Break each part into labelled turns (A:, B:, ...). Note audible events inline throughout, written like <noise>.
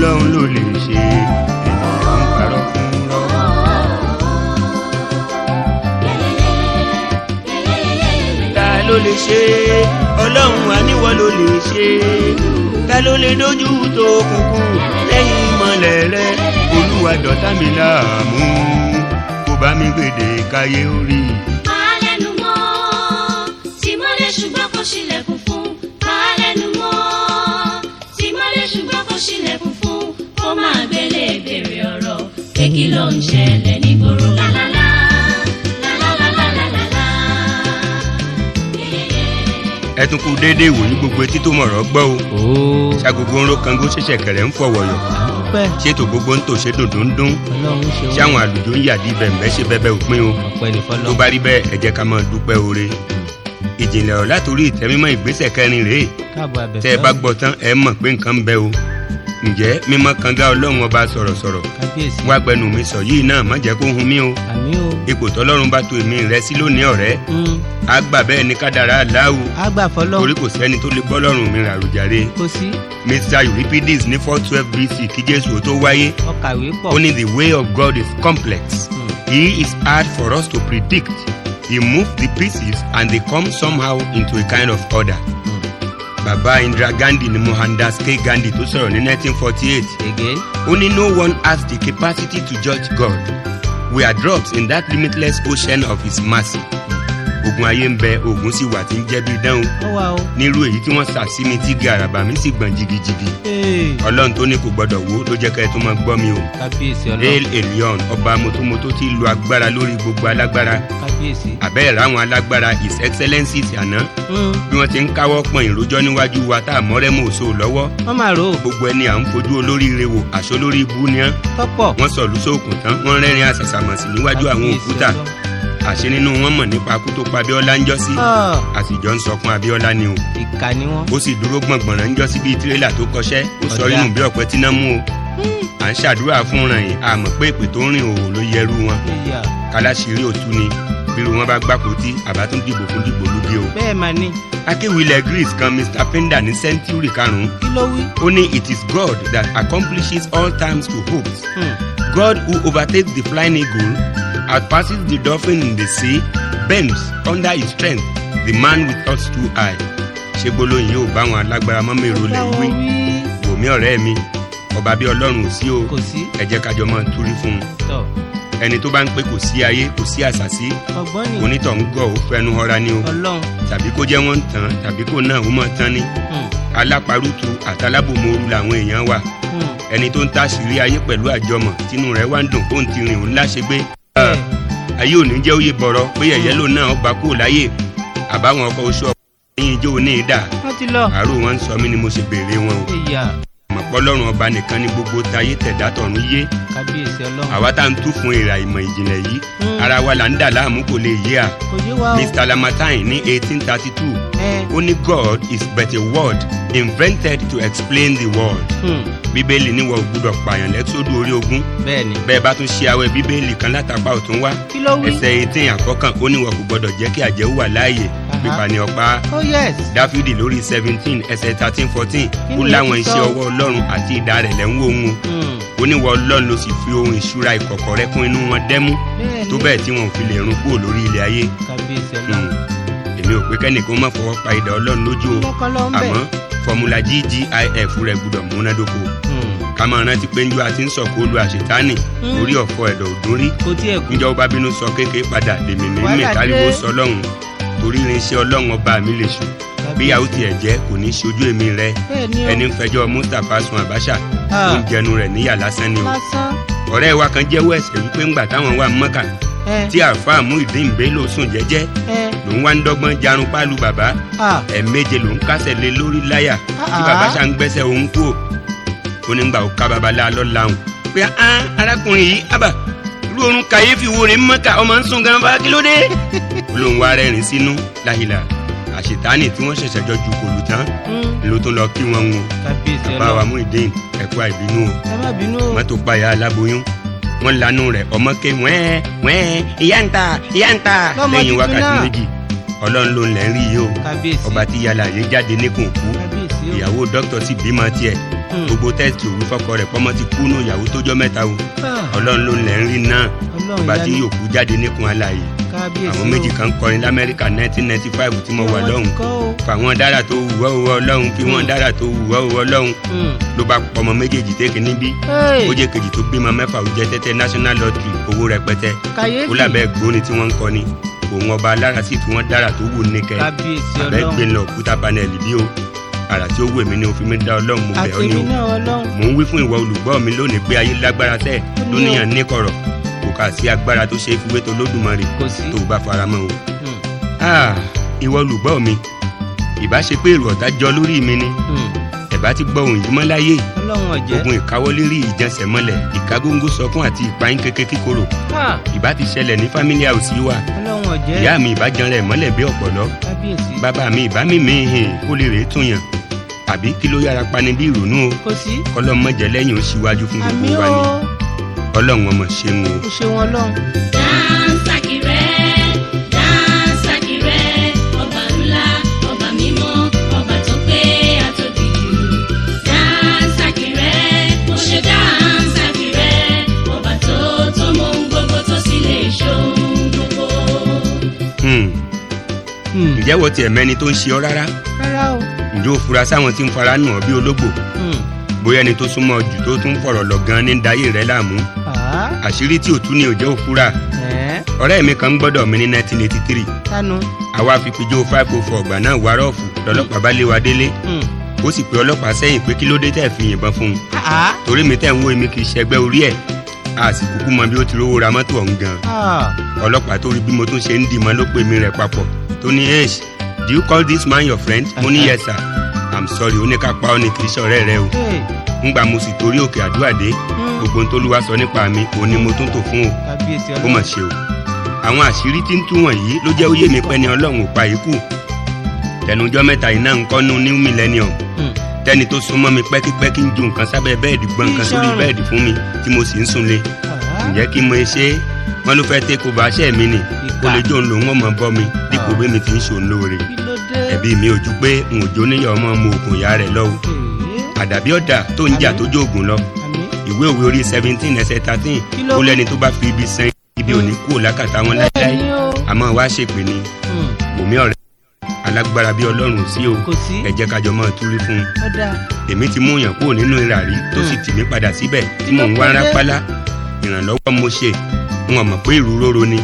A: ọlọ́run ló lè ṣe ènìyàn ń parọ́ fún rọ́. ta ló lè ṣe ọlọ́run àníwọ̀ ló lè ṣe ta ló lè dójú tó kúkú lẹ́yìn ìmọ̀lẹ̀ rẹ olúwa dọ̀tá mi láàmú kó bá mi gbèdè káyé orí. kí ló ń ṣẹlẹ̀ nígboro lálálá. ẹ tún kú déédé ìwòyí gbogbo etí tó mọ̀rọ̀ gbọ́ o. ṣàgógó ń ro kango ṣẹ̀ṣẹ̀ kẹ̀rẹ̀ ń fọwọ́yọ̀. ṣètò gbogbo ń tò ṣe dòdò ń dún. ṣáwọn àlùjọ ń yàdí bẹ̀m̀bẹ́ ṣe bẹ́bẹ́ òpin o. tó bá rí bẹ́ẹ̀ ẹ jẹ́ ká máa dúpẹ́ oore. ìjìnlẹ̀ ọ̀ látòrí ìtẹ́mímọ́ ìgbésẹ̀ kẹrin rèé. tẹ́ ẹ bá gbọ́ tán ẹ mọ̀ pé nǹkan ń bẹ o ǹjẹ́ mímọ́ kan ọlọ́run ọba sọ̀rọ̀sọ̀rọ̀ wá gbẹnu mi sọ yìí náà má jẹ́ kó hun mí o ipò tọ́lọ́run bá to èmi rẹ sí lónìí ọ̀rẹ́ mm. a gbà bẹ́ẹ̀ ni kádàrá aláwo torí kò sẹ́ni tó lè bọ́ mi rà rùjàre Mr. Euripides ní four twelve BC kí Jésù tó wáyé ó the way of God is complex mm. he is hard for us to predict he moves the pieces and they come somehow into a kind of order baba indira gandhi ni mohandas k gandhi tó sọ̀rọ̀ ní 1948. ó ní no one has the capacity to judge God we are drops in that limitless ocean of his mercy oògùn ayé ń bẹ oògùn sì wà tí ń jẹ́ dánwò nírú èyí tí wọ́n sà sí mi tí gàràbà mi sì gbọ̀n jigijigi ọlọ́run tó ní kò gbọ́dọ̀ wó ló jẹ́ ká ẹ tó máa gbọ́ mi o hail elion ọba motomoto ti lo agbára lórí gbogbo alágbára abẹ́rẹ́ ráwọn alágbára his excellency àná hmm. bí wọ́n ti ń káwọ́ pọ̀n ìrójọ́ níwájú wa tá a mọ́rẹ́ mọ́ òṣò lọ́wọ́ gbogbo ẹni à ń fojú olóríire wò àṣọ lórí ibú ni wọ́n sọ̀lú sóòkùn tán wọ́n rẹ́rìn àṣàṣàmọ̀sí níwájú àwọn òkúta àṣẹ nínú wọn mọ̀ nípa kú tó pa Abíọ́lá ń jọ́sí ah. àtijọ́ ń sọkún Abíọ́lá ni o. ìkà ni wọn. ó sì dúró gbọ̀ngbọ̀nrán ń jọ́sí bíi tírélà tó kọṣẹ́ ó sọ inú bí ọ̀pẹ tí náà mú o. Hmm. à ń ṣàdúrà fún ràn yín àmọ́ pé èpè tó ń rìn òòrùn ló yẹrú wọn. kálá ṣe rí òtún ni bírú wọn bá gbàkútí àbá tún dìbò fún dìbò lóde o. bẹ́ẹ̀ mà ni. akéwì ilẹ̀ greece kan mr penda ní sẹ́ńtúrì karùn-ún. kí ló wí. ó ní it is god that accomplishes all times to hope. Hmm. god who overtakes the flying eagle outpasses the dolphin in the sea bends under his strength the man with us two eyes. ṣé gbólóyìn yóò bá wọn alágbára mọ́mọ́ èrò lẹ̀ wí. wòmí ọ̀rẹ́ mi ọba bíi ọlọ́run sí o. kò sí. ẹ jẹ́ máa túrí fún un. tọ́ ẹni tó bá ń pé kò sí ayé kò sí àṣàsí onítọ̀ ń gọ̀ ó fẹnu họra ni o tàbí kó jẹ́ wọ́n ń tàn tàbí kó náà ó mọ̀ tán ni hmm. alápárùtù àtàlábòmooru làwọn èèyàn wà hmm. ẹni tó ń táṣìírí ayé pẹ̀lú àjọmọ̀ tínú rẹ̀ wá ń dùn ó ń ti rìn ó ń láṣegbé ah, ayé ò ní jẹ́ òye bọ̀rọ̀ pé hmm. ẹ̀yẹ́ ló náà ọba kúrò láyé àbáwọn ọkọ̀ oṣù ọkọ̀ ẹ̀yìn ijó ní ìdá àrò wọn ń sọ mí ni mo ṣe béèrè wọn
B: o
A: pọ́lọ́run ọba nìkan ní gbogbo tayé tẹ̀dá tọ̀run yé àwa tá ń tú fún ìrà ìmọ̀ ìjìnlẹ̀ yìí hmm. ara wa là ń dà láàmú kò lè yé a Mr. Lamartine ní eighteen thirty two eh. ó ní God is but a word invented to explain the world. Hmm bíbélì níwọ̀ gbúdọ̀ pààyàn lẹ́tọ́dún orí ogún. bẹ́ẹ̀ bá tún ṣe awẹ bíbélì kan látàpá ọ̀tún wá. ẹsẹ̀ etí àkọ́kàn ó níwọ̀ kò gbọdọ̀ jẹ́ kí àjẹ́ wà láàyè gbégbá ní oh, dáfídì lórí seventeen ẹsẹ̀ thirteen fourteen ó láwọn iṣẹ́ ọwọ́ ọlọ́run àti idà rẹ̀ lẹ́ ń wò wọn. oníwọ hmm. ló sì fi ohun ìṣúra ìkọ̀kọ̀ rẹ̀ kún inú wọn dẹ́mú tó bẹ́ẹ̀ tí wọn ò fi lè run kúrò lórí ilẹ̀ ayé. Hmm. èmi ò pé kẹ́nìkan má fọwọ́ pa idà ọlọ́run lójú o àmọ́ fọmùlà ggif rẹ̀ gbúdọ̀ múnádóko hmm. kàmá rántí pé njọ́ àti ń sọ̀kò olú àṣetánì orí ọ̀fọ̀ ẹ̀dọ̀ òdórí njọ́ bá bínú sọ kékeré padà lèmi mímí káríwó sọ lọ́hùn-ún torí irinṣẹ́ ọlọ́run ọba mi lè ṣù bíyàwó tiẹ̀ jẹ́ kò ní ṣojú èmi rẹ ẹni ń fẹjọ́ mustapha sun abacha ah. ó ń jẹnu rẹ̀ níyà lásán ni o ọ̀rẹ́ wa kan jẹ́wọ́ ẹ̀ṣẹ̀ wípé ńgbà táwọn wà mọ́kà tí àáfàá mú ìdí ìbélò sùn jẹ́jẹ́ ló ń wá ń dọ́gbọ́n jarun pálu bàbá ẹ̀ẹ̀méje ló ń kásẹ̀ lé lórí láyà tí bàbá ṣá ń gbẹ́sẹ̀ òun kú ó ní gbà ó ká babalá lọ́la òun pé arákùnrin yìí irú orun kàyéfì wo rè mọ́kà ọmọ ń sùn gan fa kí ló dé. olóhùn wa rẹ́rìn sínú láhìlà àṣetánì tí wọ́n ṣẹ̀ṣẹ̀ jọ ju kòlù tán mm. ló tún lọ kí wọn wò bàbá wa mú ìdín ẹ̀kú àìbínú o mọ́tò payà aláboyún wọ́n lanú rẹ̀ ọmọ ké wẹ́ẹ́ wẹ́ẹ́ ìyá ń ìyá ń ta wákàtí méjì ọlọ́run ló ń lẹ́ o ọba tí yàrá yìí jáde ní kú ìyàwó dókítà sì bímọ tiẹ̀ Hmm. gbogbo tẹ́sítì òwú fọ́kọ rẹ̀ pọ́mọ́ ti kú nù ìyàwó tó mẹ́ta o ah. ọlọ́run ló lẹ́ ń rí náà
B: ìgbà tí yòókù
A: jáde níkun alàyè àwọn méjì kan kọrin lamẹ́ríkà nineteen ninety five tí mo wà lọ́hùn fàwọn dára tó wù ọ́ lọ́hùn fi wọ́n dára tó wù ọ́ lọ́hùn hmm. hmm. ló bá pọmọ méjèèjì tẹ́kì níbí ó jẹ́ kejì tó bímọ mẹ́fà ó jẹ́ tẹ́tẹ́ national lottery owó rẹpẹtẹ ó làbẹ́ gbóni tí wọ́n ń kọni òun ọba alára sì fi wọ́n dára tó wù ní kẹ́ abẹ́ gbẹ̀lọ̀ kúta panẹ́lì bí o àrà tí ó wù èmi ni òfin mi dá ọlọ́run mo bẹ̀ ọ́ ni o mò ń wí fún ìwọ olùgbọ́ mi lónìí pé ayé lágbára sẹ́ẹ̀ lóníyàn níkọ̀rọ̀ kò kà sí agbára tó ṣe é tó lódùmarè tó o bá fara mọ́ o. Hmm. Ah, ìwọ olùgbọ́ mi ìbá èrò ọ̀tá jọ lórí mi ni hmm. ẹ̀bá ti gbọ́ òun yìí mọ́ láyé ogun ìkáwọ́lérí ìjẹsẹ̀ mọ́lẹ̀ ìkágóńgó sọkún àti ìpayín kékeré kíkorò ìbá ti ṣẹlẹ̀ ní family house yìí ìyá mi ìbá jẹun rẹ̀ mọ́lẹ̀ bí ọ̀pọ̀lọ́ bàbá mi ìbá mímì hìn kó lè rèé tún yàn àbí kí ló yára pani bí ìrònú o kò sí kọlọ́mọ jẹ lẹ́yìn ó síwájú fún gbogbo wa ni ọlọ́run ọmọ ṣeun o. ṣeun
B: ọlọ́run. dánsákì rẹ̀ dánsákì rẹ̀ ọba
A: hmm. Hmm. ǹjẹ́ wo tiẹ̀ mẹ́ni tó ń ṣe ọ́ rárá. rárá o ǹjẹ́ o fura sáwọn tí ń fara nù ọ́ bí ológbò hmm. bóyá ẹni tó súnmọ́ jù tó tún fọ̀rọ̀ lọ gan ní dayé rẹ̀ láàmú àṣírí tí òtún ni òjò òfura ọ̀rẹ́ mi kan gbọ́dọ̀ mi ní nineteen eighty three àwa fi pijó five oh four ọgbà náà wá rọ́ọ̀fù lọ́lọ́pàá bá lé wa délé hmm. ó sì pe ọlọ́pàá sẹ́yìn pé kí ló dé tẹ̀ fi yìnbọn fún un torí mi tẹ̀ ń wo èmi kì í ṣẹgbẹ́ orí ẹ̀ a sì kúkú mọ bí ó ti rówó ra mọ́tò ọ̀hún gan ọlọ́pàá tó rí bí mo tún ṣe ń dìmọ́ ló pè mí rẹ̀ papọ̀ tó ní ace do you call this man your friend? mo ní yes sir i'm sorry ó ní ká pa ọ́ ní kì í ṣọ̀rẹ́ rẹ o ngbà hmm. mo sì torí òkè àdúrà dé hmm. gbogbo ohun tó lúwa sọ nípa mi òun ni mo tún tò fún o ó mà ṣe o àwọn àṣírí tí ń tú wọ̀nyí ló jẹ́ óyè mi pẹ́ ni ọlọ́run ò pa ikú tẹnujọ́ mẹ́ta iná ń kọ́nu new millennium hmm. tẹni tó súnmọ́ mi pẹ́kípẹ́kí ń ju nǹkan sábẹ́ bẹ́ẹ̀dì gbọ́n nǹkan sórí bẹ́ẹ̀dì fún mi tí mo sì ń sunlé ǹjẹ́ kí mo ṣe é wọn ló fẹ́ tẹ́kọ̀ bá aṣẹ́ mi nì kó lè jó ń lò wọ́n mọ̀ bọ́ mi dípò ah. bí mi fi ń ṣòun lóore ẹ̀bi mi ò ju pé n ò jó níyà ọmọ mu òògùn ìyá rẹ̀ lọ́wọ́ àdàbí ọ̀dà tó ń jà tó jó òògùn lọ ìwé òwe orí seventeen ẹsẹ̀ thirteen ó lẹ́ni tó bá fi ibi sẹ́yìn ibi ò kú òlákàtà wọn láíláí àmọ́ wá ṣèpè ni òmí ọ̀rẹ́ alágbára bíi ọlọ́run sí o ẹ kájọ máa túrí fún èmi ti mú yàn kúrò nínú ìràrí tó sì hmm. tì mí padà síbẹ̀ tí mò ń wá rápálá ìrànlọ́wọ́ mo ṣe wọn mọ̀ pé ìlú róró ni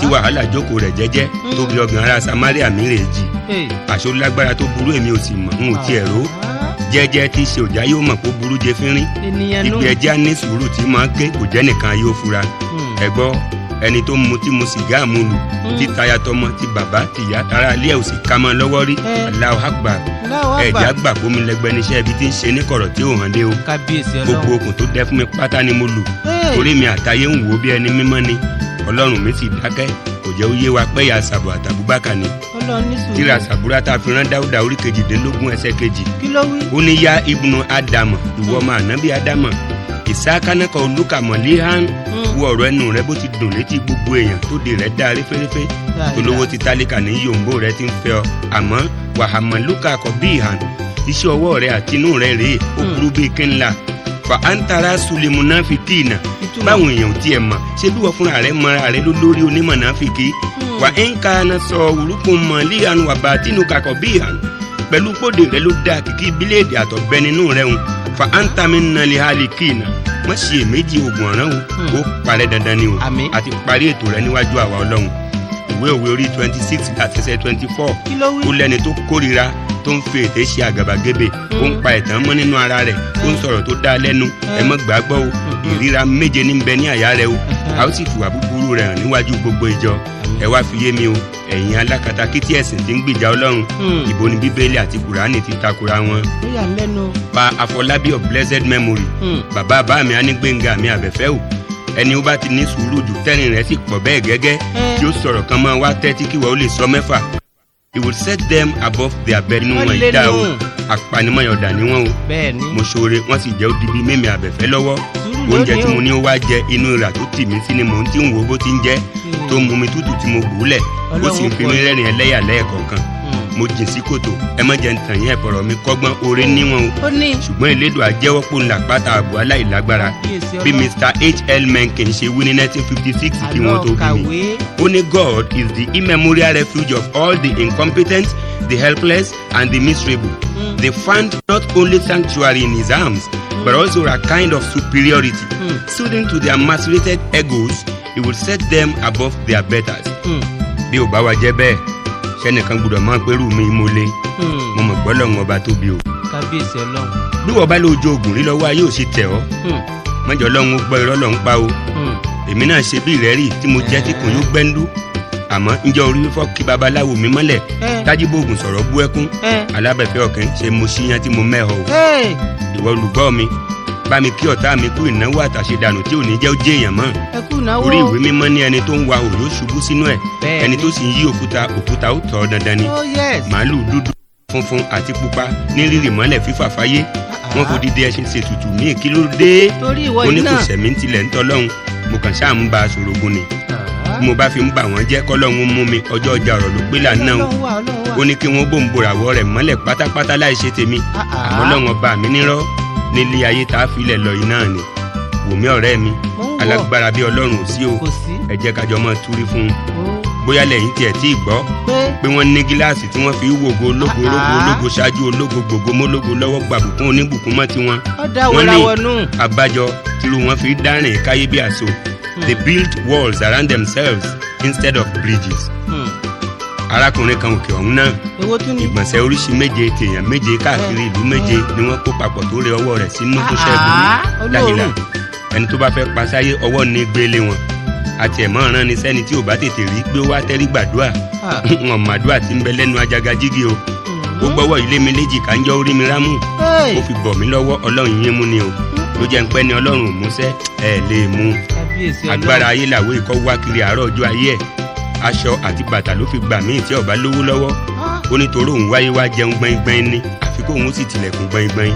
A: tí ah. wàhálà jókòó rẹ̀ jẹ́jẹ́ hmm. tó bí ọgàn ara samaria mi rè jì àṣọ lágbára tó burú èmi ò sì mọ̀ n ò ah. tiẹ̀ ró jẹ́jẹ́ tí ṣe òjá yóò mọ̀ kó burú jẹ fínrín ìgbẹ́já ní sùúrù tí máa ké kò jẹ́ nìkan yóò fura hmm. ẹ̀gbọ́n ẹni tó mu tí mu sìgá àmúlù hmm. tí taya tọmọ ti bàbá tìyá ara ilé ẹ̀ ò sì ká mọ́ lọ́wọ́ rí hmm. Allahu Akbar ẹ̀já gbà fómi lẹ́gbẹ́ níṣẹ́ ibi tí ń ṣe ní kọ̀rọ̀ tí ò hàn dé o gbogbo okùn tó dẹ fún mi pátá ni mo lù orí mi àtayé ń wò bí ẹni mímọ́ ni ọlọ́run mi sì dákẹ́ kò jẹ́ oyé wa pé ìyá sàbò àtàbúbákà ni tíra sàbúrà tá a fi rán dáúdà orí kejìdínlógún ẹsẹ̀ kejì ó ní yá ibùnú ádámọ̀ ìwọ ọmọ ànábì ádámọ̀ ìsákanáka olùkàmọ́lé hàn hmm. wo ọ̀rọ̀ ẹnu rẹ bó ti dùn létí gbogbo èèyàn tó de rẹ dá référéfé tolówó ti tálíkà ní yòǹbó rẹ ti ń fẹ́ ọ àmọ́ wàhámà lùkà kọ bí ìhàn iṣẹ́ ọwọ́ rẹ àti inú rẹ rèé ó burú hmm. bíi kínla fa antara sulemuna fitina báwọn èèyàn tiẹ̀ mọ̀ ṣé bí wọ́n fúnra rẹ mọra rẹ lólórí onímọ̀ náà fi kí hmm. wà ń ka na sọ wùrúkún mọ̀ líhanu àbá tínú kakọ̀ bí ìhàn pẹ̀lú gbòde rẹ ló dáa kìkì bíléèdì àtọ̀bẹ nínú rẹ ń fa antami nali hali kina má ṣe èméjì ogun ọ̀ràn o hmm. ó parẹ́ dandan ni o àti parí ètò rẹ níwájú àwa ọlọ́run ìwé òwe orí twenty six àtẹsẹ̀ twenty four ó lẹ́ni tó kórira tó ń fi ètè ṣe àgàbàgebè ó ń hmm. pa ẹ̀tàn mọ́ nínú ara rẹ̀ ó ń sọ̀rọ̀ tó dá lẹ́nu ẹ hmm. gbàgbọ́ o ìríra méje ní bẹ ní àyà rẹ o a ó sì fìwà búburú rẹ̀ hàn níwájú gbogbo ìjọ ẹ wá fi yé mi o ẹ̀yin alákatakí tí ẹ̀sìn ti ń gbìjà ọlọ́run hmm. ìbò ni bíbélì àti kùránì ti takura wọn. pa àfọlábí of blessed memory hmm. bàbá bá mi anígbénga mi àbẹ̀fẹ́ o ẹni ó bá ti ní sùúrù jù tẹ́rìn rẹ̀ sì pọ̀ bẹ́ẹ̀ gẹ́gẹ́ tí ó sọ̀rọ̀ kan mọ́ wá tẹ́tí kí wọ́n ó lè sọ mẹ́fà he will set them above their bed nínú wọn ìdá o apanimọ̀yọ̀dà ni wọ́n o mo ṣoore wọ́n sì jẹ́ ó mímì àbẹ̀fẹ́ lọ́wọ́ hmm oúnjẹ tí mo ní wá jẹ inú rà tó tì mí sí ni mò ń tí ń wo bó ti ń jẹ hmm. tó mú mi tútù tí mo bù ú lẹ̀ ó sì ń fi mí rẹ́rìn ẹlẹ́yà lẹ́ẹ̀kọ̀ọ̀kan hmm. mo jìn sí kòtò ẹ má jẹ ntàn yẹn ẹ̀fọ̀rọ̀ mi kọ́gbọ́n orí níwọ̀n o ṣùgbọ́n ìlédò àjẹwọ́pọ̀ ńlá pátá àbò aláìlágbára bí mr h l ṣe wí ní 1956 kí wọ́n tó bí mi ó ní god is the immemorial refuge of all the incompetent the helpless and the miserable mm. they find not only sanctuary in his arms but also a kind of superiority. Mm. Soothing to their macerated egos, it will set them above their betters. Hmm. Bí ò bá wa jẹ́ bẹ́ẹ̀, sẹ́nìkan gbọ́dọ̀ máa pẹ́rù mi mo le. Hmm. Mo mọ̀ gbọ́ lọ́wọ́ ọba tóbi o. Kábíyèsí ọlọ́run. Bí wọ́n bá lè ojú oògùn rí lọ́wọ́ ayé ò ṣe tẹ̀ ọ́. Mọ̀jọ́ hmm. ọlọ́run gbọ́ irọ́ lọ́run pa o. Èmi náà ṣe bí ìrẹ́rì tí mo jẹ́ kíkùn yóò gbẹ́ndú àmọ́ ǹjẹ́ orí fífọ́ kí babaláwo mi mọ́lẹ̀ tájíbóògùn sọ̀rọ̀ bú ẹkún alábẹ̀fẹ́ ọ̀kẹ́ ṣe mo ṣíyàn tí mo mẹ́họ o ìwọ olùgbọ́ mi bá mi kí ọ̀tá mi kú ìnáwó àtàṣedànù tí ò ní jẹ́ ó jẹ́ èèyàn mọ́ orí ìwé mímọ́ ní ẹni tó ń wa òòlù ṣubú sínú ẹ̀ ẹni tó sì ń yí òkúta òkúta ó tọ̀ dandan ni oh, màálù dúdú funfun àti pupa ní rírì mọ́lẹ̀ fífà fáyé ah, ah, wọ́n ah. fòdí dé ẹṣin ṣètùtù míì kí ló dé oníkùsẹ̀mí tilẹ̀ ń tọ́lọ́hún mo kàn ṣáà ń ba aṣòrogun ni mo bá fi ń bà wọ́n jẹ́ kọ́lọ́hún mú mi ọjọ́ ọjà ọ̀rọ̀ ló pé lànà o ó ní kí wọ́n bò ń boràwọ́ rẹ̀ mọ́lẹ̀ pátápátá láì ṣe tèmi ah, ah. àmọ́ lọ́wọ́n bá mi nírọ́ nílé ayé tá a filẹ̀ lọ yìí náà ni wòmí ọ̀rẹ́ mi alágbára bíi ọlọ́run ò sí o ẹ jẹ́ kájọ mọ́ túrí fún un bóyá lẹ́yìn tiẹ̀ tí ì gbọ́ pé wọ́n ní gíláàsì tí wọ́n fi wògo ológo ah, ológo ológo ṣáájú ológo gbogbo mólógo lọ́wọ́ gbàbùkún oníbùkún mọ́ tiwọn wọ́n ní àbájọ tìrú wọn fi dárìn káyé bí àṣọ they hmm. build walls around themselves instead of bridges. Hmm. arákùnrin kan òkè ọ̀hún náà ìgbọ̀nsẹ̀ oríṣi méje tèèyàn méje káàkiri hmm. ìlú méje ni wọ́n kó papọ̀ tó rẹ ọwọ́ rẹ̀ sínú tó ṣẹ́gun ní ah, ah, dáhìlà ẹni tó bá fẹ́ pa ọwọ́ ní gbélé wọn àti ẹ̀mọ́ ọ̀ràn ni sẹ́ni tí ò bá tètè rí pé ó wá tẹ́rí gbàdúrà ah. <laughs> wọn màdúrà ti ń bẹ lẹ́nu ajaga jígi o ó gbọ́wọ́ ilé mi léjì ká ń jọ orí mi rámù ó fi bọ̀ mí lọ́wọ́ ọlọ́run yín mú ni o ló jẹ́ ń pẹ́ ni ọlọ́run ò múṣẹ́ ẹ̀ lè mú agbára ayé làwọ ikọ wá kiri àárọ̀ ọjọ́ ayé ẹ̀ aṣọ àti bàtà ló fi gbà míì tí ọba lówó lọ́wọ́ ah. ó ní torí òun wáyé wá jẹun gbẹ̀ngbẹ̀ng ni àfi kó òun sì tilẹ̀kùn gbẹ̀ngbẹ̀ng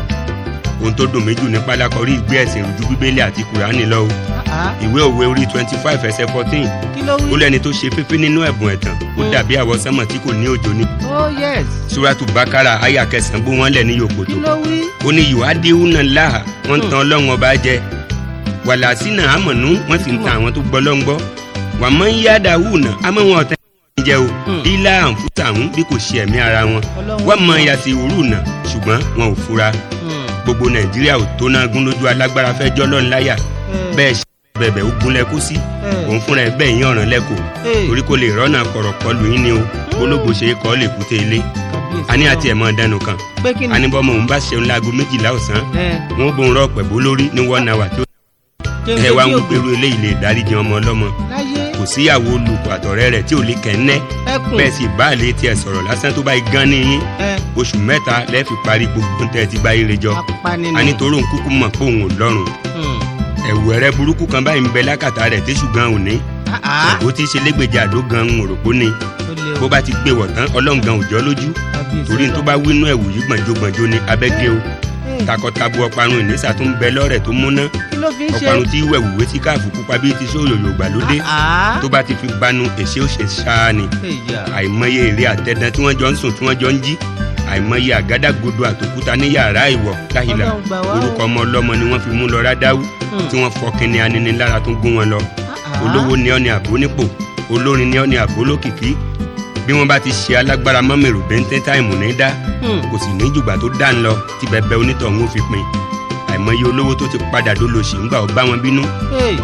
A: ohun tó dùn méjì ní pálákọrí ìgbé ẹ̀sìn rújú bíbélì àti kùránì lọ
B: ah, ah.
A: ìwé òwe orí twenty five ẹsẹ̀ fourteen ó lẹ́ni tó ṣe fífi nínú ẹ̀bùn ẹ̀tàn ó hmm. dàbí àwọ̀ sánmọ̀ tí kò ní òjò ni. suratu bakara aya kẹsàn-án gbó wọn lẹ̀ ní yòkòtò ó ní yòádìí hùnà láhà wọ́n ń hmm. tan ọlọ́run ọba jẹ wàlàsínà àmọ̀nú wọ́n sì ń tan àwọn tó gbọ́ lọ́ngbọ́ wàmọ́ ń yá dàhùn náà àmọ́ wọn ọ̀tá jẹ́ o lílá hmm. àǹfùtà ń bí kò ṣe ẹ̀mí ara wọn wọ́n mọ ìyàsí òru náà ṣùgbọ́n wọn ò fura hmm. gbogbo nàìjíríà ò tó náà gún lójú alágbára fẹ́ jọ́ lọ́n láyà hmm. bẹ́ẹ̀ ṣe bẹ̀bẹ̀ ó gúnlẹ̀ kó sí òun fúnra ẹ̀ bẹ́ẹ̀ yín ọ̀ràn lẹ́kọ̀ọ́ torí kò lè rọ́nà kọ̀rọ̀ kọlù yín ni o ológo ṣe kọ́ lè kúté ilé a ní àti ẹ̀mọ́ dànù kan a ní bọ́mọ̀ òun bá ṣeun láago méjìlá ọ̀sán wọn ó bóun rọ̀ pẹ̀bó lórí ní one hour tó ẹ wá ń gbèrú eléyìí lè dáríjì ọmọ ọlọ́mọ kò síyàwó olùkọ́ àtọ̀rẹ́ rẹ̀ tí ò lè kẹ́ ńnẹ́ bẹ́ẹ̀ sì bá àlè tiẹ̀ sọ̀rọ̀ lásán tó bá yí gan níyìn oṣù mẹ́ta lẹ́ẹ̀ fi parí gbogbo tẹ́ ẹ ti bá yíre jọ anítorí òun kúkú mọ̀ pé òun ò lọ́rùn hmm. ẹ̀wù ẹ̀rẹ́ burúkú kan báyìí ń bẹ lákàtà rẹ̀ téṣù gan ò ní ṣògbó tí í ṣe lẹ́gbẹ̀jẹ̀ àdó gan ń rògbó ni bó bá ti gbé wọ̀ tán ọlọ́run gan òjọ́ lójú torí ní tó bá wínú ẹ̀wù yìí gbọ̀njógbọ̀njó ni abẹ́gẹ́ o. Hmm. takọtabo ọparun ìnísà tó bẹ lọ́rẹ̀ tó múná ọparun tí wẹ̀ wùwé tí káàfù pupa bíi ti sóòlò yorùbá lóde ah, ah. tó bá ti fi gbanu èsì òṣè ṣáá ni àìmọye èrè àtẹ̀dán tí wọ́n jọ ń sùn tí wọ́n jọ ń jí àìmọye àgádágodo àtòkúta ní yàrá ìwọ̀ káyìlá orúkọ ọmọ ọlọ́mọ ni wọ́n fi mú lọ rádáwú hmm. tí wọ́n fọ kínní aninilára tó gún wọn lọ ah, olówó ni ọ́ ni àbónípò olórin ni ọ́ ni àbólókìkí bí wọ́n bá ti ṣe alágbára mọ́mẹ́rù bẹ́ńtẹ́ táìmù ní dá hmm. kò sì ní jùgbà tó dá ń lọ tí bẹ̀bẹ̀ onítọ̀hún ó fi pin àìmọye olówó tó ti padà dolóṣì ńgbà ó bá wọn bínú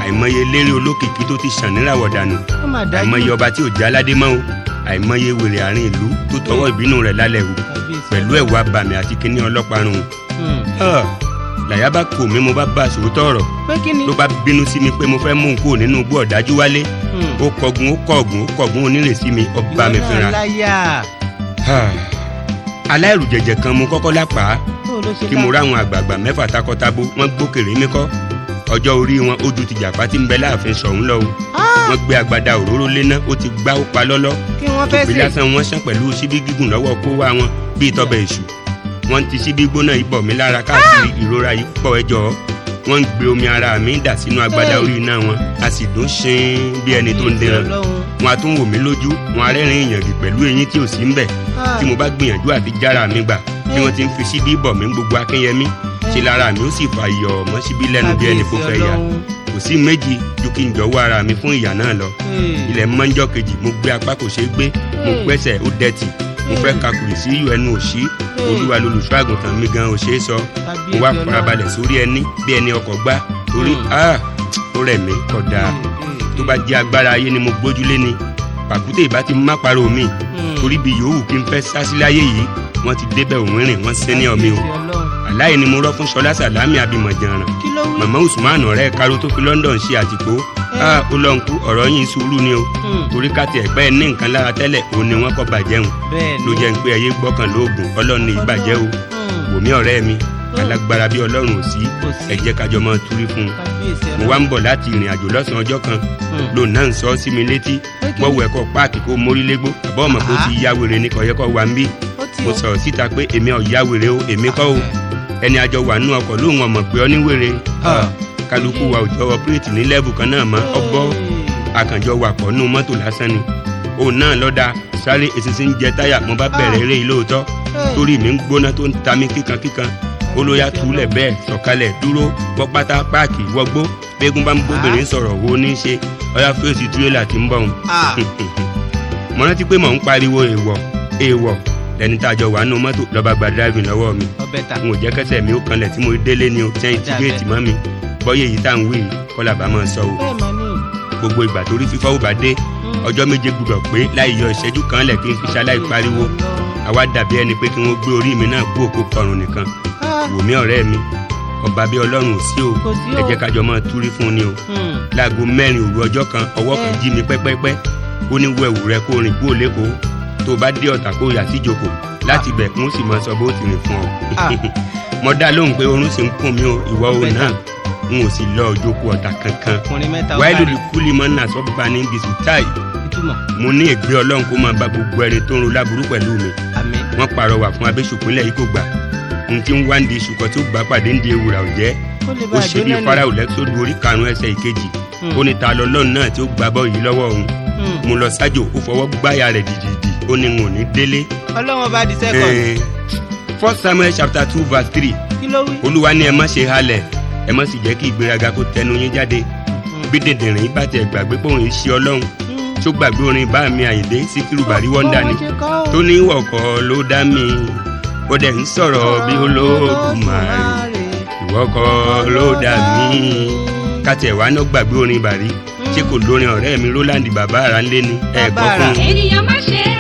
A: àìmọye eléré olókìkí tó ti ṣàn níràwọ̀ dànù àìmọye ọba tí ò jẹ́ aládé mọ́ o àìmọye wèrè àárín ìlú tó tọwọ́ ìbínú rẹ̀ lálẹ́ o pẹ̀lú ẹ̀wọ̀ abàmì àti kíní ọlọ́parun o.
B: Hmm
A: làyà bá kò mí mo bá bá sòótọ́ ọ̀rọ̀ ló bá bínú sí mi pé mo fẹ́ mú nǹkó nínú igbó ọ̀dájú wálé hmm. ó kọgun ó kọgun ó kọgun onírèsí mi ọba mi fínra aláìrùjẹ̀jẹ̀ kan mo kọ́kọ́ lápá kí mo ráwọn àgbààgbà mẹ́fà takọtabo wọ́n gbókèrè mi kọ́ ọjọ́ orí wọn ó ju ti jàpá ti ń bẹ láàfin sọ̀hún lọ o ah! wọ́n gbé agbada òróró léná ó ti gbá ó pa lọ́lọ́ òpè lásán wọ́n sàn pẹ̀lú síbí gígùn lọ́wọ́ kó wọ́n ti síbí gbóná ibọ̀ mi lára káàkiri ìrora yìí pọ̀ ẹjọ́ wọ́n ń gbé omi ara mi dà sínú agbada orí iná wọn a sì dún ṣin bí ẹni tó ń dẹran wọn a tún wò mí lójú wọn a rẹ́rìn ìyànjú pẹ̀lú eyín tí ò sí ń bẹ̀ tí mo bá gbìyànjú àti jára mi gbà bí wọ́n ti ń fi síbí bọ̀ mí gbogbo akínyẹmí ṣe lára mi ó sì fa iyọ̀ ọmọ síbí lẹ́nu bí ẹni kò fẹ́ yà kò sí méjì ju kí n jọ̀wọ́ ara mi fún ìyà náà lọ hmm. ilẹ̀ mọ́njọ́ kejì mo gbé apá kò ṣeé gbé mo pẹ́sẹ̀ hmm. ó dẹ̀tì mo fẹ́ ka kùrìsí yù ẹnu òṣì olúwa lolùṣọ́ àgùntàn mi gan ò ṣe é sọ mo wá farabalẹ̀ sórí ẹni bí ẹni ọkọ̀ gbá torí hmm. ah, ó rẹ̀ mí kódà hmm. tó bá jẹ́ agbára ayé ni mo gbójúlé ni pàkúté ìbá ti má parọ́ mi hmm. torí bí yòówù kí n fẹ́ sásí láyé yìí wọ́n ti débẹ̀ òun rìn wọ́n sẹ́ni ọ̀ o aláì ni mo rọ́ fún ṣọlá sàlámì abimọ̀jànràn màmá usman ọ̀rẹ́ karo tó fi london ṣe àtìpó a ah, ó lọ ń kú ọ̀rọ̀ yín sùúrù ni o hmm. torí ká tiẹ̀ pẹ́ ní nǹkan lára tẹ́lẹ̀ òun ni wọ́n kọ́ bàjẹ́ hùn ló jẹ́ pé ẹyẹ gbọ́kàn lóògùn ọlọ́run ìbàjẹ́ o hmm. wòmí ọ̀rẹ́ mi hmm. alágbára bíi ọlọ́run ò sí ẹ jẹ́ kájọ máa túrí fún un mo wá ń bọ̀ láti ìrìn àjò lọ́sàn-án kan lòun náà ń sọ sí mi létí wọ́n wọ páàkì kó mórí légbó ọmọ kó ah. ti yáwèrè ní kọ̀yẹ́kọ̀ wa ń bí mo sọ̀rọ̀ síta pé èmi ọ̀ yáwèrè o èmi kọ́ o. Eh. ẹni àjọ wà nù ọkọ̀ ọmọ pé ọ níwèrè kálukú wa ò jọ ní lẹ́bù kan náà mọ́ ọgbọ́ àkànjọ wà pọ̀ nù mọ́tò lásán ni òun náà lọ́dà sáré eṣinṣin jẹ táyà mo bá bẹ̀rẹ̀ eré lóòótọ́ torí mi ń gbóná tó ń ta mí kíkankíkan olóyà túlẹ̀ bẹ́ẹ̀ sọ̀kalẹ̀ dúró wọ́ pátá páàkì wọgbó gbẹ́gun bá ń gbóbìnrin sọ̀rọ̀ wo <laughs> lẹni tá a jọ wà nù mọ́tò lọ́ba gba dírẹ́fì lọ́wọ́ mi n ò jẹ́ kẹsẹ̀ mi ó kanlẹ̀ tí mo délé ni o sẹ́yìn tí géètì mọ́ mi bọ́yé èyí tá à ń wí kọ́lá bá máa sọ o gbogbo ìgbà torí fífọ́ ò bá dé hmm. ọjọ́ méje gbúdọ̀ pé láì yọ ìṣẹ́jú kan lẹ̀ kí n fi ṣaláì pariwo àwa dàbí ẹni pé kí wọ́n gbé orí mi náà kú òkú kọrùn nìkan wòmí ọ̀rẹ́ mi ọba bíi ọlọ́run ò sí o ẹ jẹ́ kájọ máa túrí fún ni o hmm. láago mẹ́rin òru ọjọ́ kan ọwọ́ kan jí mi pẹ́pẹ́pẹ́ ó ní wẹ̀wù rẹ kó rìn kúò lẹ́kọ̀ọ́ tó o bá dé ọ̀tà kó o yà sí ìjókòó láti bẹ̀ kún sì máa sọ bó ti rìn fún ọ. <laughs> mo dá lóhùn pé oorun sì ń kún mi o ìwọ o náà n ò sì lọ òjókòó ọ̀tà kankan wáyé lùlùkú lè máa ń nà sọ́gbà ní bisu táì mo ní ègbé ọlọ́run kó máa bá gbogbo ẹni tó ń ro láburú pẹ̀lú mi wọ́n pàrọwà fún abéṣùpínlẹ̀ yìí kò gbà n tí ń wá ń di tó gbà pàdé ń di ewúrà ò
B: ó ṣe bí farao
A: lẹ́kítọ́dù orí karùn-ún ẹsẹ̀ ìkejì hmm. ó ní ta lọ́lọ́run náà tí ó gbà bọ́ yìí lọ́wọ́ òun hmm. mo lọ ṣáájú ó fọwọ́ gbáyà rẹ̀ dìdìdì ó ní n ò ní délé. ọlọ́wọ́n bá di sẹ́kọ̀ndì. first samuel chapter two verse three. kí ló wí. olúwa ní ẹ má ṣe halẹ̀ ẹ má sì jẹ́ kí ìgbéraga kó tẹnu yín jáde hmm. bí dèdèrìn bá tẹ gbàgbé pòun yìí ṣe ọlọ́run hmm. tó gbàgbé orin bá mi àyèdè síkírù bàrí wọ́ndà ni tó ní ìwọ̀kọ̀ ló dá mi ó dẹ̀ ń sọ̀rọ̀ bí olóògùn màrí ìwọ̀kọ̀ ló dá mi kàtẹ́ wa náà gbàgbé orin bàrí ṣé hmm. kò lórin ọ̀rẹ́ mi roland bàbá ara ńlẹ́ ni ẹ̀ gbọ́ ènìyàn má ṣe é.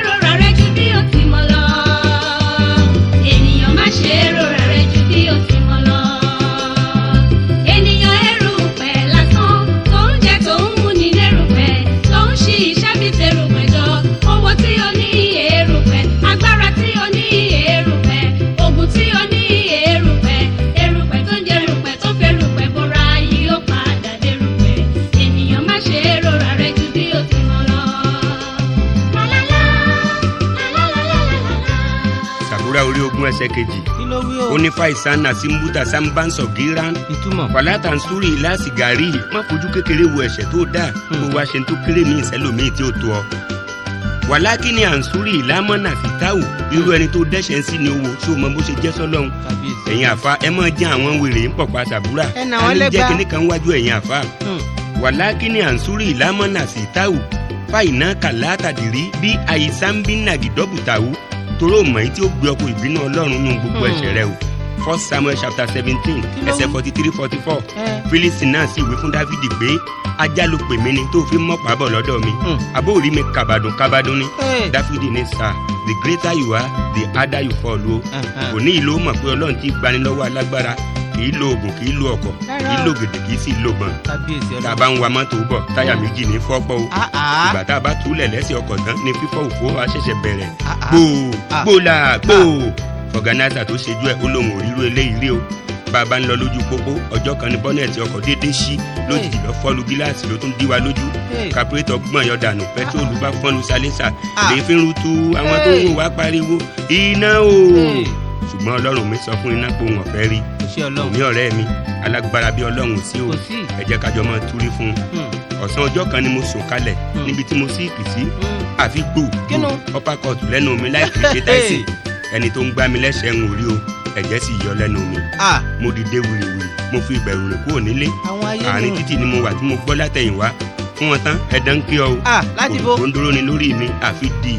A: ẹsẹ̀ kejì ó ní fàìsàn nasimbuta sambanso giran falata nsúrì láàsì gàrí má fojú kékeré wo ẹ̀ṣẹ̀ tó dáa kó wá ṣe tó kéré mi ìṣẹ́lómi tí ó tó ọ wàlákìní ànsúrì lámọ́nà fìtáwù irú ẹni tó dẹ́sẹ̀ ń sí ni owó tí o mọ bó ṣe jẹ́ sọ́lọ́hún ẹ̀yin àfa ẹ mọ̀ jẹ́ àwọn wèrè ń pọ̀pá sàbúrà ẹni jẹ́ kínní kan wájú ẹ̀yin àfa hmm. wàlákìní ànsúrì lámọ́nà fìtáwù fàìnà kàlátàdìrí bí àyíṣà ń bí nàgìdọ́bùtàwù torí òmò yìí tí ó gbé ọkọ ìbínú ọlọ́run nù gbogbo hmm. ẹ̀ṣẹ̀ rẹ o first samuel chapter seventeen ẹsẹ̀ forty three forty four fílísì náà sì wí fún dávidi pé ajá ló pè mí ni tó fi mọ̀ pàbọ̀ lọ́dọ̀ mi hmm. àbóòrí mi kàbàdùn kàbàdùn ni dávidi ní sà the greater you are the harder you fall o kò ní ìlú mọ̀ pé ọlọ́run ti gbani lọ́wọ́ alágbára kì í lo oògùn kì í lo ọkọ̀ kì í lo gèdè kì í sì lo gbọ̀n. tá a bá ń wa mọ́tò bọ̀ táyà méjì ní fọ́pọ̀ o ah, ah. ìgbà tá a bá túlẹ̀ lẹ́sẹ̀ ọkọ̀ tán ni fífọ́ òfó wa ṣẹ̀ṣẹ̀ bẹ̀rẹ̀ ah, gbòò gbòòlà gbòò ọ̀gánáìsà tó ṣe jú ẹ̀ ó lóun ò ríru eléyìí rí o bá a bá ń lọ lójú pópó ọjọ́ kan ní bọ́nẹ̀tì ọkọ̀ déédéé ṣí lójijì lọ fọ́lu gíláàsì ló tún dí wa lójú kàpẹ́tọ̀ gbọ́n yọ dànù pẹ́trólù bá fọ́nu salẹ́sà lè fi rú tu àwọn tó ń wò wá pariwo iná o ṣùgbọ́n ọlọ́run mi sọ fún iná pé òun ọ̀fẹ́ rí i òjíṣẹ́ ọlọ́run. èmi ọ̀rẹ́ mi alágbára bíi ọlọ́run sí o ẹ jẹ́ kájọ máa túrí fún un. Hmm. ọ̀sán ọjọ́ kan ni mo sùn kalẹ̀ hmm. níbi tí mo síìkì sí hmm. àfi gbò uppercut lẹ́nu mi láì kìí ṣe ẹni tó ń gbá mi lẹ́sẹ̀ ń rí o ẹ̀jẹ̀ sì yọ lẹ́nu mi. mo dìde wìrìwìrì mo fi ìbẹ̀rù rìn kúrò nílé àárín títì ni mo wà tí mo gbọ́ látẹ̀yìnwá fún wọn tán ẹ̀dá ń kí ọ o. láti bo òǹdúró ni lórí mi àfi di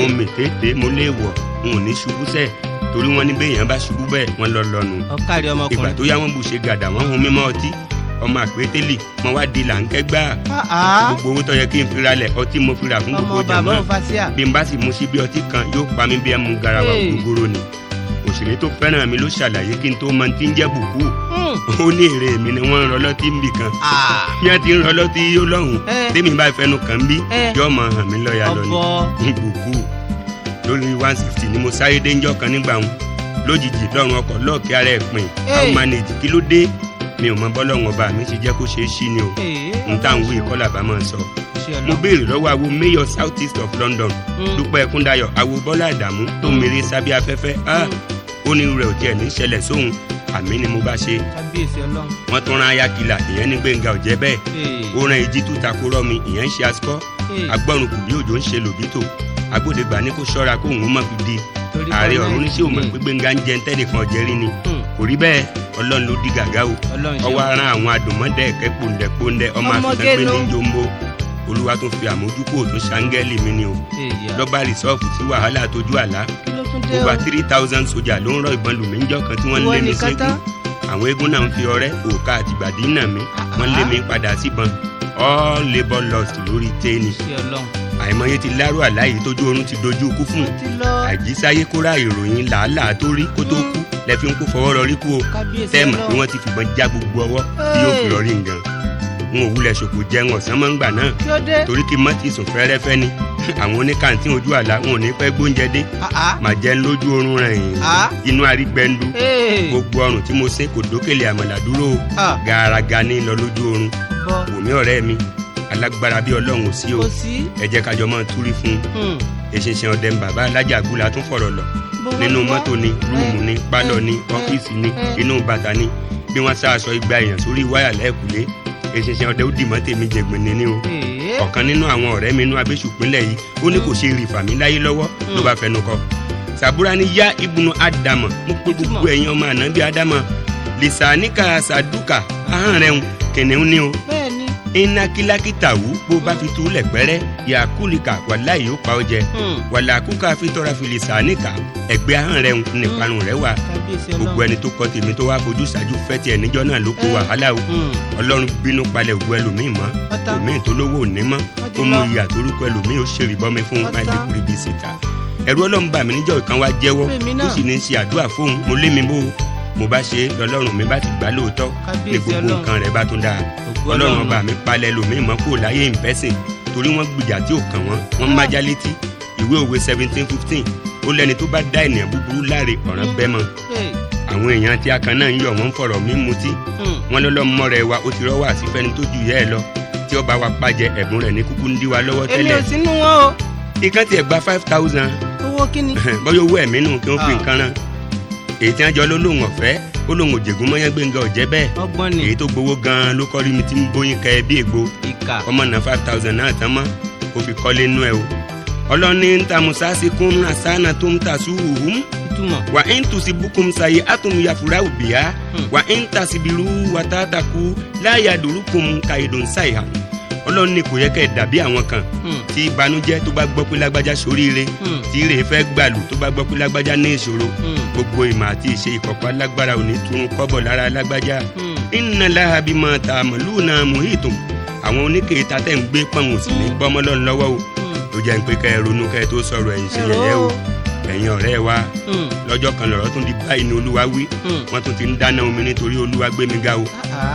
A: mo mètètè mo léèwọ̀ n ò ní ṣubú sẹ́ẹ̀ torí wọn ní bẹ́ẹ̀ bá ṣubú bẹ́ẹ̀ wọn lọ lọ́nu. ọkàrí ọmọkùnrin ìgbà tó yá wọn bù ṣe gàdà wọn hun mímọ́ ọtí ọmọ àpétélì mo wá di làǹkẹ́ gbà. gbogbo owó tó yẹ kí n fira lẹ̀ ọtí mo fira fún gbogbo jàmọ́ bí n bá sì mu síbi ọtí kan yóò pa mí bí ẹ mu garawa gbogbooro ni òṣèré tó fẹ́ràn mi ló ṣàlàyé kí n tó mọ tí ń jẹ́ bùkú hmm. ó ní èrè mi ni wọ́n ń rọlọ́tí ń bì kan ah. bí wọ́n ti ń rọlọ́tí yóò lọ́hùn-ún eh. tèmi bá fẹnu kàn bí eh. yóò mọ hàn mí lọ́ya lọ ni bùkú lórí one sixty ni mo sáré dé ńjọ́ kan nígbà wọn lójijì lọ́rùn ọkọ̀ lọ́ọ̀kì ara ẹ̀ pin àwọn manage kí ló dé mi ò mọ bọ́lọ́wọ́n ọba mi ṣe jẹ́ kó ṣeé ṣí ni o n tá n wí kọ́lá bá máa sọ mo béèrè lọ́wọ́ awo mayor south east of london hmm. dúpẹ́ ẹkúndayọ̀ awo bọ́lá àdàmú tó hmm. mèrè sábẹ́ afẹ́fẹ́ ah, hmm. ó ní rẹ̀ ò tiẹ̀ ní ṣẹlẹ̀ sóhun àmì ni mo bá ṣe wọ́n tún ran ayakila ìyẹn ní gbẹ̀ngà òjẹ́ bẹ́ẹ̀ ó ran ìjì tó mi ìyẹn ń ṣe asukọ́ agbọ́rùn kù bí òjò ń ṣe lòbítò agbódegbà ní kó ṣọ́ra kó òun mọ̀ gbìde ààrẹ ọ̀run níṣẹ́ òun pé gbẹ̀ngà ń jẹ ntẹ́nìkan jẹ́rí ni hmm. kò rí bẹ́ẹ̀ ọlọ́run ló di gàgá o ọwọ́ ara àwọn àdùnmọ́dẹ ẹ̀kẹ́ pòǹdẹ̀pòǹdẹ ọmọ àfikẹ́ pé ní jombo olúwa tó fi àmójúkò tó ṣàǹgẹ́lì mi ni o lọ́ba rìsọ́ọ̀fù sí wàhálà tójú àlá over three thousand sójà ló ń rọ ìbọn lù mí ń jọkan tí wọ́n lé mi ségun àwọn eégún náà ń fi ọrẹ́ òòkà àtìgbàdì nà mí wọ́n lé mi padà síbọn all labour lost lórí téèni àìmọye ti lárò àláyé tójú oorun ti dojú ikú fún un àjísáyé kóra ìròyìn làálàá tó rí kó tó kú lẹ fi ń kó fọwọ́ rọrí kú o tẹ́ẹ̀mà bí wọ́n ti fìbọn já gbogbo ọwọ́ tí yóò fi rọrí nǹkan n ò wulẹ̀ ṣòkò jẹun ọ̀sán mọ́ ń gbà náà torí kí mọ́tì sùn fẹ́rẹ́fẹ́ ni <laughs> àwọn oníkàntín ojú àlá wọn ò ní pẹ́ gbóúnjẹ dé ah, ah. mà jẹ́ lójú oorun rẹ̀ yìí ah. inú arígbẹ́ndu gbogbo ọrùn tí mo sé kò dókèlè àmàlà dúró gàràgà ní lọ lójú oorun wòmí ọ̀rẹ́ mi alágbára bíi ọlọ́run ò sí o ẹ jẹ́ kájọ máa túrí fún un eṣinṣin hmm. ọdẹ ń bàbá alájà àgùlà tún fọ̀rọ̀ lọ nínú mọ́tò ni rúùmù hmm. ni pálọ̀ ni hmm. ọ́fíìsì ni inú bàtà ni bí wọ́n sá aṣọ igba èèyàn sórí wáyà lẹ́ẹ̀kúlé eṣinṣin ọdẹ ó dìmọ́ tèmi jẹ̀gbìn ní ni o ọ̀kan nínú àwọn ọ̀rẹ́ mi inú abéṣùpínlẹ̀ yìí ó ní kò ṣe rí fàmí láyé lọ́wọ́ ló bá fẹnu kọ sàbúrà ni yá ibùnú ádámà mo pé gbogbo ẹ̀yin ọmọ ànábì ádámà lìsàníkà sàdúkà ahọ́n rẹ̀ kìnìún ní o iná kílákítà wù bó bá fi tu lẹ̀pẹ́rẹ́ yàkúlìkà wàlá yìí ó pa ọ́ jẹ wàlà kúkà fi tọ́ra fìlì sàánìkà ẹgbẹ́ ahọ́n rẹ̀ ń níparun rẹ̀ wà gbogbo ẹni tó kọ́ tèmi tó wá fojú ṣáájú fẹ́ tiẹ̀ níjọ́ náà ló kó hmm. wàhálà o hmm. ọlọ́run bínú palẹ̀ òwú ẹlòmíì mọ́ òmíì tó lówó òní mọ́ tó mú iyì àtórúkọ ẹlòmíì ó ṣèrìbọmi fún ẹ̀dínkùrìbì síta ẹ̀rú ọlọ́run bà mí ìkan wá jẹ́wọ́ ó sì ní í ṣe àdúrà fóun mo lé mi bó mo bá ṣe lọ́lọ́run mi bá ti gbà lóòótọ́ ní gbogbo nǹkan rẹ̀ bá tún dáa ọlọ́run ọba mi palẹ̀ lòmíì mọ́ kó láyé ìbẹ́sìn torí wọ́n gbìyà tí ò kàn wọ́n wọ́n májá ah. létí ìwé òwe seventeen fifteen ó lẹ́ni tó bá dá ènìyàn búburú láre ọ̀ràn bẹ́ mọ́ àwọn èèyàn tí a kan náà ń yọ̀ wọ́n fọ̀rọ̀ mí mutí hmm. wọ́n lọ́lọ́mọ rẹ̀ wa ó ti rọ́wọ́ àsìfẹ́ni tó jù yẹ́ ẹ lọ tí ọba wa pàjẹ́ ẹ̀bùn rẹ̀ ní kúkú ń dí wa lọ́wọ́ tẹ́lẹ̀ èmi ò sínú wọn o. ìkan tiẹ̀ gba five thousand.
B: owó kíni. <laughs>
A: bọ́yọ̀ owó ẹ̀mí nù kí wọ́n fi ah. nǹkan rán. èyí tí wọn jọ lólóhùn ọ̀fẹ́ ó lóhùn òjègùn mọ́yán gbẹ̀ngà ọ̀jẹ́ bẹ́ẹ̀ èyí tó gbowó gan-an ló kọ́ rí mi ti ń bóyin ka ẹbí ègbò ọmọ náà five thousand náà tán o ọlọ́ni ń ta musasi kún ra sáànà ta wà ń òbíà hmm. wà ń láyà ọlọ́run ní kò yẹ kẹ́ ẹ̀ dàbí àwọn kan hmm. tí ìbànújẹ́ tó bá gbọ́ pé lágbájá ṣoríire hmm. tí ire fẹ́ gbàlù tó bá gbọ́ pé lágbájá ní ìṣòro hmm. gbogbo ìmọ̀ àti ìṣe ìkọ̀kọ̀ alágbára ò ní tún kọ́bọ̀ lára lágbájá iná láhabi máa ta màlúù náà mú ìtùn àwọn oníkèéta tẹ̀ ń gbé pọ̀n òsì ní gbọ́mọ́lọ́run lọ́wọ́ o ló jẹ́ ń pé kẹ́ ẹ ronú kẹ́ ẹ tó sọ̀rọ̀ ẹ̀yìn ṣe yẹ̀yẹ́ o ẹ̀yin ọ̀rẹ́ wa hmm. lọ́jọ́ kan lọ̀rọ̀ tún di báyìí ní olúwa wí hmm. wọ́n tún ti ń dáná omi nítorí olúwa gbé mi ga o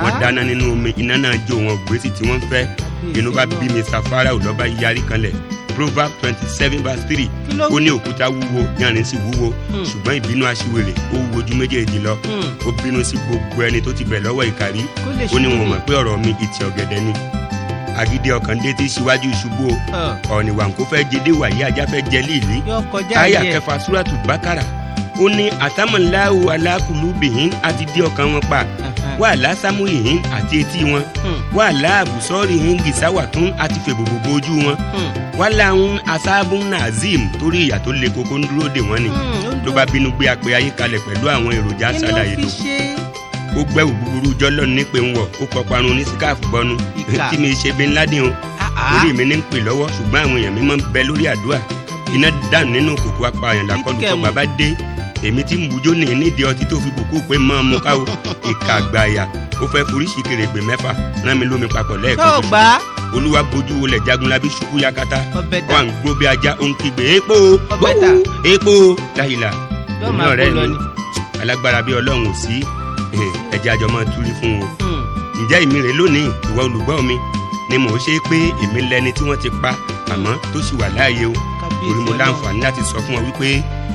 A: wọ́n dáná nínú omi iná náà jó wọn gbèsè tí wọ́n fẹ́ inú bá bí mi sàfárà ò lọ́ba yarí kanlẹ̀ proverb twenty seven verse three ó ní òkúta wúwo yanrìn sí wúwo hmm. ṣùgbọ́n ìbínú aṣiwèrè ó wúwo ju méjèèjì lọ ó bínú sí gbogbo ẹni tó ti bẹ̀ lọ́wọ́ ìkàrí ó ní wọn mọ̀ pé ọ̀rọ̀ mi ìtì ọ̀gẹ̀dẹ̀ ni agídé ọkàn dé tí síwájú ìṣubú o ọ̀nìwàǹkó fẹ́ jẹdé wàyí ajá fẹ́ jẹ líìlí táyà kẹfà súràtù bákàrà ó ní àtàmọ̀láwo alákùlùbìhín àti dé ọkàn wọn pa wà lásàmúhìn àti etí wọn wà láàbùsọ́ọ̀rì hìn gìsáwà tún àti fèbòbòbò ojú wọn wà láwọn asáàbùn nazim torí ìyà tó koko ń dúró dè wọ́n ni ló bá bínú gbé apẹ̀ ayé kalẹ̀ pẹ̀lú àwọn èròjà ṣàlàyé tó kù ó gbẹ́wò búburú jọ́lọ́ nípe ń wọ̀ ó kọ ní síkáàfù bọ́nu tí mi ṣe bí ńlá o ah, ah. orí mi ní ń pè lọ́wọ́ ṣùgbọ́n àwọn èèyàn mi máa ń bẹ lórí àdúrà iná dànù nínú òkùnkùn apààyàn làkọlù tó bàbá dé èmi tí ń bujó ní nídìí ọtí tó fi bùkún pé máa mú ká o ìka àgbàyà ó fẹ́ foríṣi kèrègbè mẹ́fà rán mi lómi papọ̀ lẹ́ẹ̀kan tó gbà olúwa bójú wọlé jagunlabi ṣubú yakata wà ń gbó bí ajá ó ń kígbe epo epo láyìlá òun náà rẹ ni alágbára bí ọlọ́run ò sí Eh, ẹ̀jẹ̀ àjọ máa túlí fún o hmm. ǹjẹ́ ìmí rẹ̀ lónìí ìwọ olùgbọ́ mi ni mò ń ṣe pé èmi lẹni tí wọ́n ti pa àmọ́ tó sì wà láàyè o orí mo láǹfààní láti sọ fún ọ wípé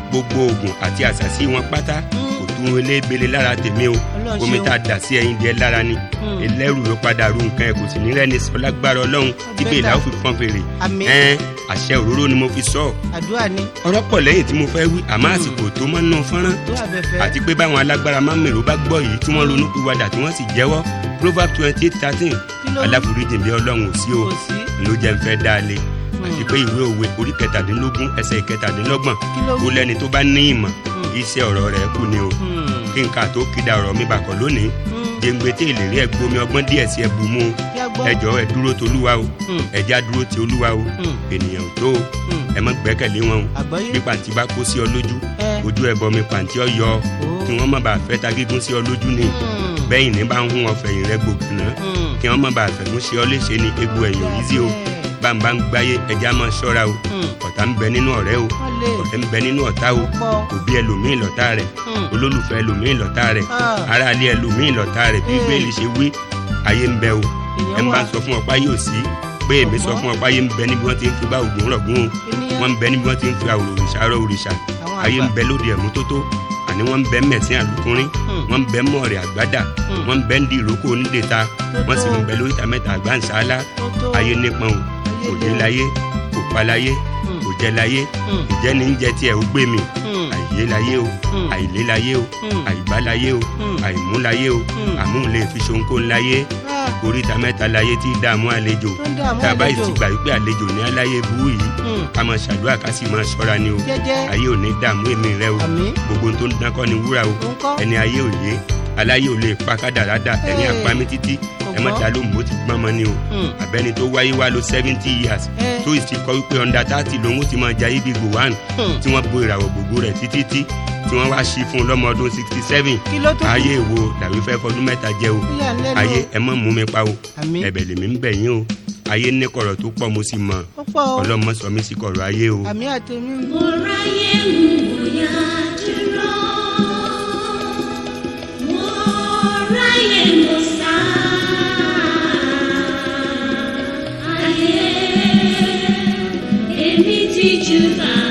A: gbogbo oògùn àti àṣàṣì wọn pátá kò tún elébele lára tèmi o omi tá a dà sí ẹyin díẹ̀ lára ni hmm. ẹlẹ́rù ló padà ru nǹkan ẹ̀ kò sì ní rẹ́ni sọ lágbára ọlọ́run tí bèèlà ó fi pọ́n fèrè àṣẹ òróró ni mo fi sọ. àdúrà ni. ọ̀rọ̀ pọ̀ lẹ́yìn tí mo fẹ́ wí àmọ́ hmm. àsìkò tó mọ́ nù fọ́nrán. àti pé báwọn alágbára máa ń mèrò bá gbọ́ yìí tí wọ́n ronú pìwàdà tí wọ́n sì jẹ́wọ́ proverb twenty eight thirteen aláforíjìn bí ọlọ́run ò sí o ló jẹ́ ń fẹ́ dáálé hmm. àti pé ìwé òwe orí kẹtàdínlógún ẹsẹ̀ ìkẹtàdínlọ́gbọ̀n ó lẹ́ni tó bá ní ìmọ̀ hmm. iṣẹ́ ọ̀rọ̀ rẹ̀ kù ni o kí n ká tó kéde ọ̀rọ̀ mi bàkọ́ lónìí jẹ̀ǹgbẹ̀tẹ̀ ìlérí ẹ gbomi ọgbọ́n sí ẹ mú ẹ jọ ẹ o ẹ dúró ti olúwa o hmm. hmm. ènìyàn tó o hmm. ẹ má gbẹ́kẹ̀lé wọn o bí pàǹtí bá kó sí ọ lójú ojú ẹ bọmi pàǹtí ọ yọ oh. kí wọ́n má bàa fẹ́ ta gígùn sí ọ lójú ni bẹ́yìn ní bá ń hún ọ̀fẹ̀yìn rẹ gbòkì náà kí wọ́n má bàa fẹ̀gún sí ọ léṣe ni egbò ẹ̀yìn òyìí sí o bá ń bá ń gbáyé ẹja máa ṣọ́ra o ọ̀tá ń bẹ nínú ọ̀rẹ́ o ọ̀tẹ̀ ń bẹ nínú ọ̀tá o òbí ẹlòmíì lọ̀tá rẹ̀ hmm. olólùfẹ́ ẹlòmíì lọ̀tá rẹ̀ ah. aráalé ẹlòmíì lọ̀tá rẹ̀ bí bẹ́ẹ̀lì ṣe wí ayé ń bẹ o ẹ máa sọ fún ọpá yóò sí pé èmi sọ fún ọpá yé ń bẹ níbi wọ́n ti ń fi bá ògùn rọ̀gùn o wọ́n ń bẹ níbi wọ́n ti ń fi àwòrán òrìṣà rọ òrìṣà ayé ń bẹ lóde ẹ̀mútótó àní wọ́n ń bẹ mẹ̀sìn àlùkùnrin hmm. wọ́n ń bẹ mọ̀ọ̀rẹ́ àgbádà hmm. wọ́n ń bẹ ń di ìrókò onídèta wọ́n sì ń bẹ lóríta mẹ́ta àgbáǹsáálá ayé nípọn o kò dé láyé kò láyé jẹ láyé
B: ìjẹ
A: hmm. ní jẹ tiẹ̀ ó gbé mi
B: hmm. àìyé
A: láyé o hmm. àìlé láyé o àìbá láyé o àìmú láyé o àmúlẹ̀ fi ṣoǹkó láyé oríta ah. mẹ́ta láyé tí dààmú àlejò
B: tábà ìsìgbà
A: wípé àlejò ní aláyé burú yìí a máa ṣàdúrà ká sì máa ṣọ́ra ni o ayé ò ní dààmú èmi rẹ o gbogbo tó ń dákọ́ ni wúrà o ẹni ayé ò yé aláyé ò lè pa kádàrá dà ẹ̀yìn àpá mi títí ẹ má dá lóhùn bó ti gbọ́n mọ́ ni o àbẹ́ni hmm. tó wáyé wá lọ seventy years tó ìsì kọ́ wípé ọ̀ndà táàtì lòun ó ti máa jayé bí gòwán hmm. tí wọ́n bo ìràwọ̀ gbogbo rẹ̀ títí tí tí wọ́n wá sí fún un lọ́mọ ọdún sixty seven ayé ìwo làwí fẹ́ fọdún mẹ́ta jẹ́ o ayé ẹ mọ̀ mú mi pa o ẹ̀bẹ̀ lèmi ń bẹ̀ yín o ayé ní kọ̀rọ̀ tó pọ̀ mo sì mọ̀ ọlọ́mọ sọ mi sí kọ̀rọ̀ ayé o.
B: àmì àtẹ̀mí. mo ráyè ń bóyá. you